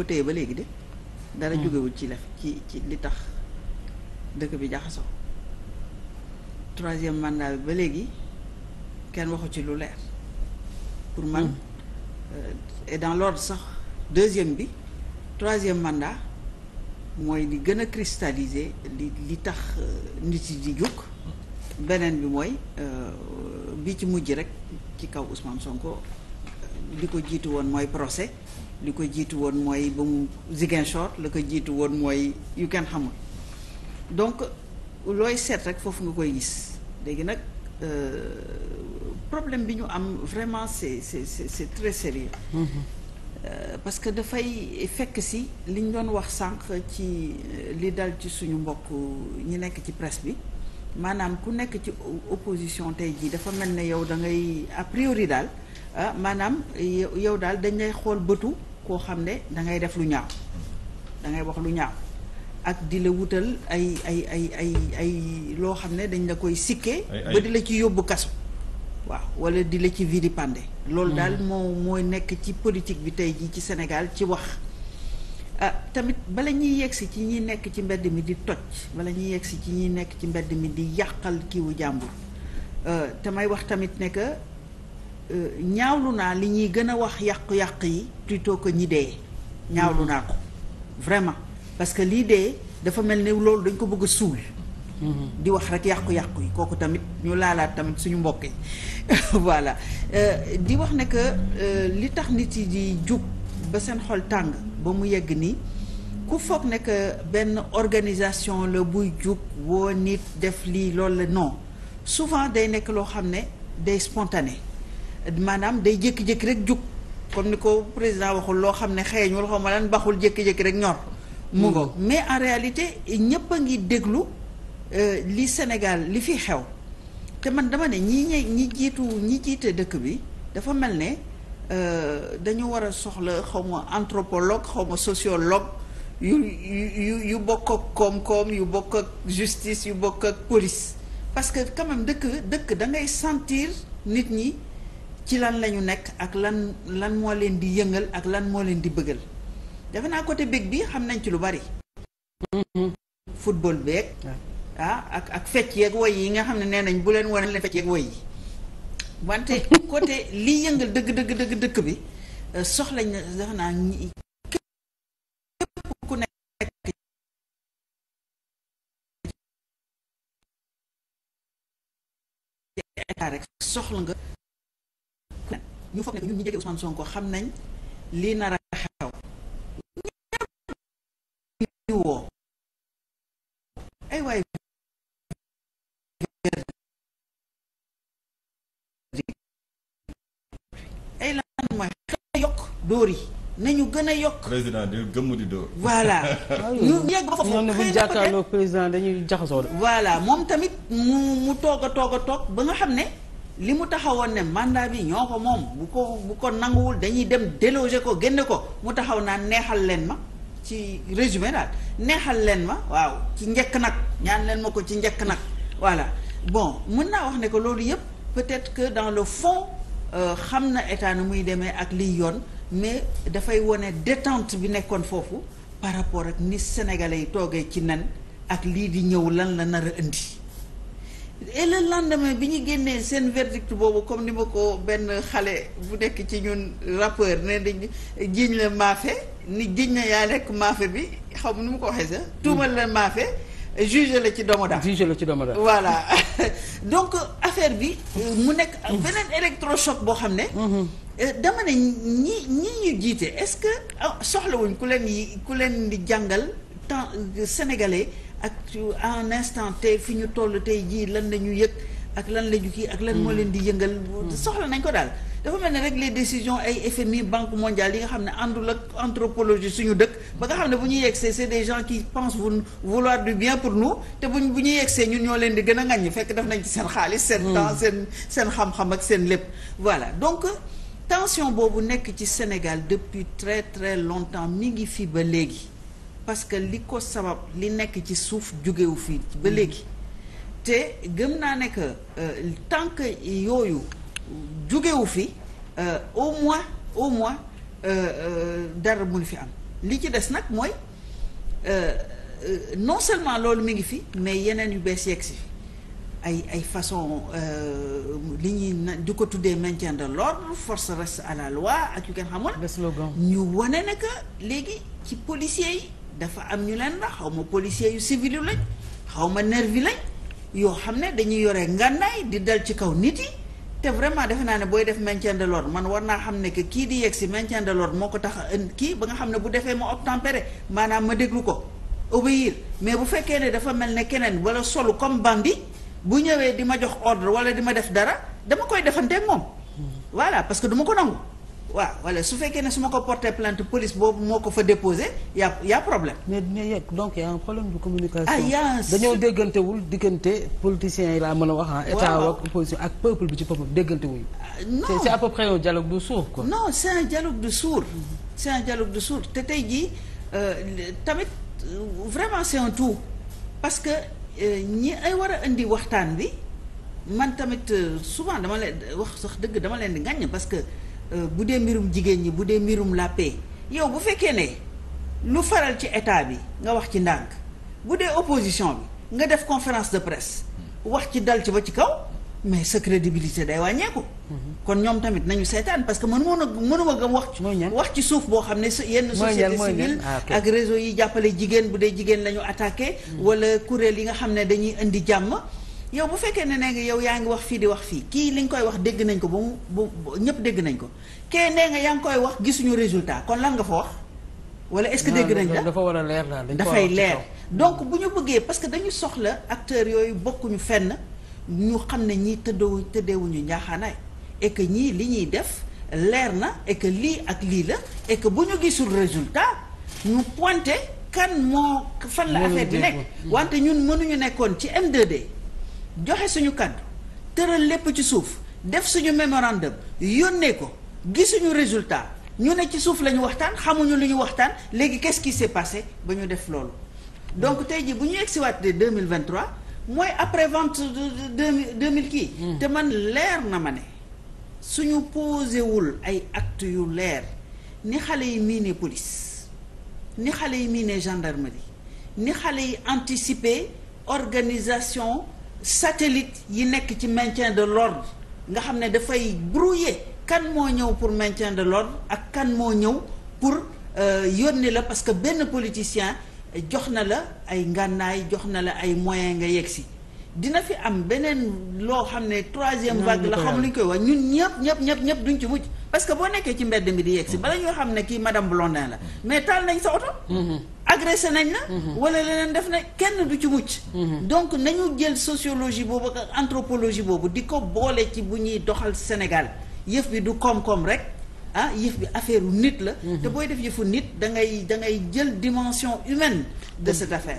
ko ba léegi de. dara hmm. jógewul ci lef ci ci li tax dëkk bi jaxasoo. troisième mandat bi ba léegi kenn waxu ci lu leer. pour man hmm. euh, et dans l'ordre sax deuxième bi troisième mandat mooy li gën a cristalliser li li tax euh, nit yi di jóg. beneen bi mooy euh, bi ci mujj rek ci kaw Ousmane Sonko li ko jiitu woon mooy procès. li ko jiitu woon mooy ba mu Ziguinchor la ko jiitu woon mooy yu kenn xamul donc looy seet rek foofu nga koy gis léegi nag euh, problème bi ñu am vraiment c'est c'est c'est c'est très sérieux mm parce que dafay fekk si li ñu doon wax sànq ci euh, li dal ci suñu mbokk ñi nekk ci presse bi maanaam ku nekk ci opposition tey jii dafa mel ne yow da ngay a priori daal ah maanaam yow daal dañ lay xool bëtu koo xam ne dangay def lu ñaaw dangay wax lu ñaaw ak di la wutal ay ay ay ay ay loo xam ne dañ la koy sikkee ba di la ci yóbbu kaso waaw wala di la ci vidipande loolu mm. daal moo mooy nekk ci politique bi tey jii ci senegal ci wax ah tamit bala ñuy yegsi ci ñuy nekk ci mbedd mi di toj bala ñuy yegsi ci ñuy nekk ci mbedd mi di yàqal kiwu jàmbur ah, te may wax tamit ne Euh, ñaawlu naa li ñuy gën a wax yàqu-yàq yi plutôt ko ñi dee ñaawlu naa ko vraiment parce que lii dee dafa mel ni loolu dañ ko bëgg a suul mhm. di wax rek yàqu-yàqu yi kooku tamit ñu laalaat tamit suñu mbokk yi voilà euh, di wax ne euh, li tax nit yi di jug ba seen xol tàng ba mu yegg nii ku foog ne benn organisation la buy jug woo nit def lii lool la non souvent day nekk loo xam ne day spontané maanaam day jékki-jékki rek jug comme ni ko président waxul loo xam ne xeeñul xaw ma lan baxul jékki-jékki rek ñor. mu ngo mais en réalité ñëpp a ngi déglu euh, li Sénégal li fi xew te man dama ne ñi ñi ñi jiitu ñi jiite dëkk bi dafa mel ne euh, dañu war a soxla xaw ma anthropologue xaw ma sociologue yu yu yu bokk ak koom-koom yu bokk ak justice yu bokk ak police parce que quand même dëkk dëkk da sentir nit ñi. ci lan lañu nekk ak lan lan moo leen di yëngal ak lan moo leen di bëggal defe naa côté bég bi xam nañ ci lu bari mm-hmm. football beeg ah ak ak fecc yeeg woy yi nga xam ne nee nañ bu leen wane leen fecc yeeg woy yi wante côté liy yëngal dëgg dëgg dëkk bi euh, soxlañ na defe naa ku nekk rek soxla nga ñu foog ne ñun ñu jege Ousmane Sonko xam nañ li nar a xew ñu woo ay waay ay lan mooy xëy yokk dóor nañu gën a yokk. président di gëmm di dóor. voilà ñu yegg ba foofu xëy na bu jàkkaarloo président dañuy jaxasoo voilà moom tamit mu mu toog a toog ba nga xam ne. li mu taxawoon ne mandat bi ñoo ko moom bu ko bu ko nanguwul dañuy dem déloger ko génne ko mu taxaw naa neexal leen ma ci résumé daal neexal leen ma waaw ci njëkk nag ñaan leen ma ko ci njëkk nag voilà bon mun naa wax ne ko loolu yëpp peut-être que dans le fond euh, xam na état muy demee ak liy yoon mais dafay wone détente bi nekkoon foofu par rapport ak ni sénégalais yi toogee ci nen ak lii di ñëw lan la nar a indi et le bi ñu génnee seen verdict boobu comme ni ma ko benn xale bu nekk ci ñun rappeur ne dañ jiiñ la maafe ni jiiñ na yaa nekk maafe bi xaw ma nu mu ko waxee sax tuumal la maafe juge la ci domoda juge la ci domoda voilà donc affaire bi mu nekk beneen électrochoc boo xam ne mhm. euh, dama ne ñi ñi ñu jiite est-ce que ah, soxlawuñ ku leen yi ku leen di jàngal temps sénégalais ak ci en instant tey fi ñu toll tey jii lan la ñu yëg ak lan la ñu kii ak lan moo hmm. leen di yëngal hmm. soxla nañ ko daal dafa mel ne rek les décisions ay FMI Banque mondiale yi nga xam ne àndul ak anthropologie suñu dëkk ba nga xam ne bu ñu ñuy yegsee c'est des gens qui pensent vouloir du bien pour nous te buñ bu ñuy see ñun ñoo leen di gën a ŋàññi fekk def nañ ci seen xaalis seen hmm. temps seen seen xam-xam ak seen lépp voilà donc tension boobu nekk ci Sénégal depuis très très longtemps mi ngi fi ba léegi parce que li ko sabab li nekk ci suuf jugewu fii ba mm. léegi te gëm naa ne que euh, tant que yooyu jugewu fi euh, au moins au moins euh, dara mun fi am li ci des nag mooy non seulement loolu mi ngi fi mais yeneen yu bees yegg si ay ay façon li ñuy na di ko tuddee maintien de l'ordre force reste à la loi ak yu kenn xamoon ñu wane ne léegi ci policiers yi dafa am ñu leen rax xaw ma policier yu civil yu lañ xaw ma nervi lañ yoo xam ne dañuy yore ngànnaay di dal ci kaw nit yi te vraiment defe naa ne booy def maintien de l'ordre man war naa xam ne que kii di yegg si maintien de l'ordre moo ko tax a kii ba nga xam ne bu defee ma obtempéré maanaam ma déglu ko obéir mais bu fekkee ne dafa mel ne keneen wala solu comme bi bu ñëwee di ma jox ordre wala di ma def dara dama koy defante ak moom voilà parce que du ko nangu waaw wala su fekkee ne su ma ko porté plante police boobu moo ko fa déposé y' a a problème. mais mais yegg donc y' a un problème de communication. ah y' a dañoo déggantewul diggante politiciens yi laa mën a wax ah. état ak opposition ak peuple bi ci boppam déggantewuñu. Ah, non c' est à peu près un dialogue de sourd quoi. non c' de sourd. te tey jii euh, tamit euh, vraiment c' est tout parce que euh, ñi ay war a indi waxtaan bi man tamit souvent dama leen wax sax dëgg dama leen di ngañ parce que. Euh, bu dee mbirum jigéen ñi bu dee mbirum la yow bu fekkee ne lu faral ci état bi nga wax ci ndànk bu dee opposition bi nga def conférence de presse wax ci dal ci ba ci kaw mais sa crédibilité day wàññeeku. Mhm. kon ñoom tamit nañu seetaan parce que mënu ma mënuma gëm wax ci. wax ci suuf boo xam ne yenn société civile ah, ak réseau yi jàppale jigéen bu dee jigéen la ñu attaqué. Mhm. wala kuréel yi nga xam ne dañuy indi jàmm. yow bu fekkee ne nee nga yow yaa ngi wax fii di wax fii kii li nga koy wax dégg nañ ko ba mu ba ñëpp dégg nañ ko kee nee nga yaa ngi koy wax gisuñu résultat kon lan nga fa wax. wala est-ce que dégg nañ la dafa war a leer daal dafay leer donc bu ñu bëggee parce que dañu soxla acteurs yooyu bokkuñu fenn ñu xam ne ñii tëddewu tëddeewuñu njaaxaanaay et ñii li ñuy def leer na et lii ak lii la et que bu ñu gisul résultat ñu wante kan moo fan la affaire bi nekk wante ñun mënuñu nekkoon ci m joxe suñu kàddu tëral lépp ci suuf def suñu mémorandum yónnee ko gisuñu résultat ñu ne ci suuf la ñu waxtaan xamuñu lu ñu waxtaan léegi qu'est-ce qui s'est passé ba ñu def loolu donc tey jii bu ñu egsiwaatee 2023 mooy après vente de 2000 kii hmm. te man leer na ma ne suñu posewul ay actes yu leer ni xale yi miinee police ni xale yi miinee gendarmerie ni xale yi anticiper organisation satellite yi nekk ci maintien de l'ordre nga xam ne dafay brouiller kan moo ñëw pour maintien de l'ordre ak kan moo ñëw pour euh, yónni la parce que benn politicien jox na la ay ngànnaay jox na la ay moyens nga yegg si dina fi am beneen loo xam ne troisième vague la xam lu ñu koy wax ñun ñëpp ñëpp ñëpp ñëpp duñ ci mucc parce boo nekkee ci mbedd mi di yegg si mm-hmm. bala ñoo xam ne kii madame Blondin la mais taal nañ sa oto mm-hmm. agressé nañ la wala leneen def na kenn du ci mucc donc nañu jël sociologie boobu ak anthropologie boobu di ko boole ci bu ñuy doxal Sénégal yëf bi du koom-koom rek ah yëf bi affaire u nit la te booy def yëfu nit da ngay da ngay jël dimension humaine de cette affaire